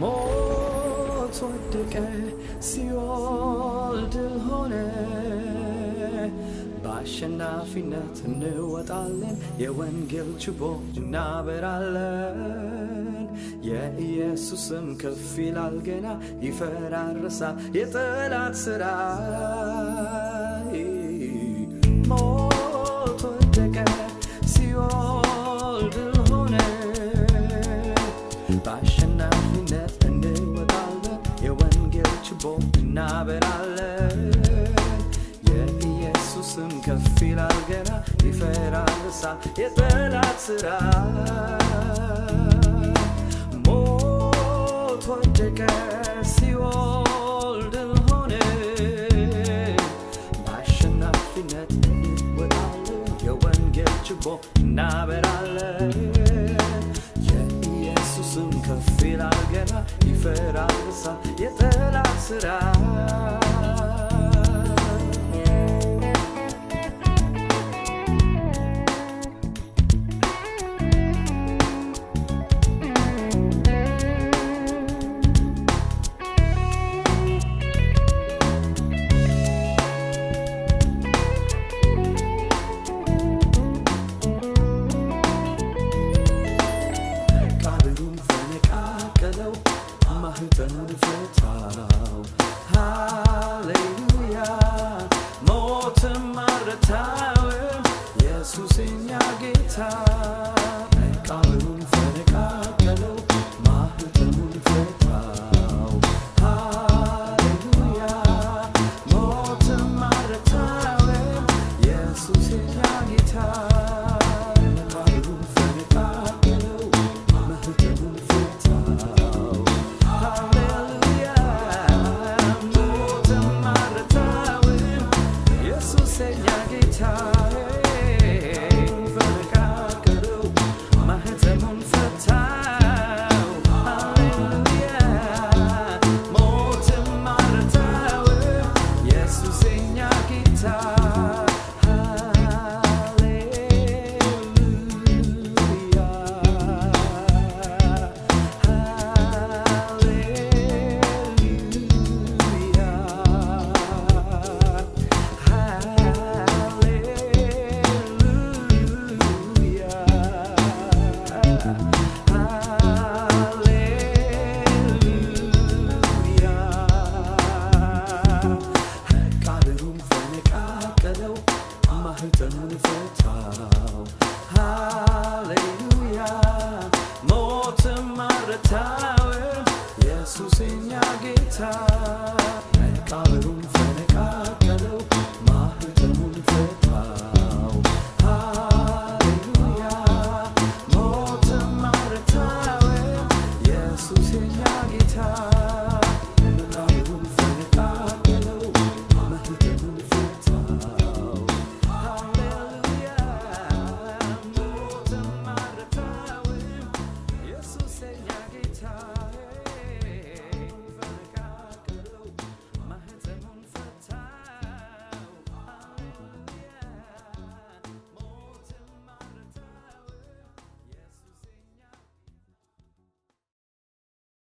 ሞት ወደቀ፣ ሲኦል ድል ሆነ። በአሸናፊነት እንወጣለን፣ የወንጌል ችቦ እናበራለን። የኢየሱስም ከፍ ይላል ገና፣ ይፈራረሳ የጠላት ሥራ ከአሸናፊነት እንወጣለን፣ የወንጌል ችቦ እናበራለን። የኢየሱስም ከፍ ይላል ገና ይፈራርሳል የጠላት ስራ ሞት ወደቀ፣ ሲኦል ችቦ እናበራለን። ይፈራርሳል የጠላት ስራ ጌታ መቃብሩ በንፎታው ሃሌሉያ ሞትም ማረታው ኢየሱስ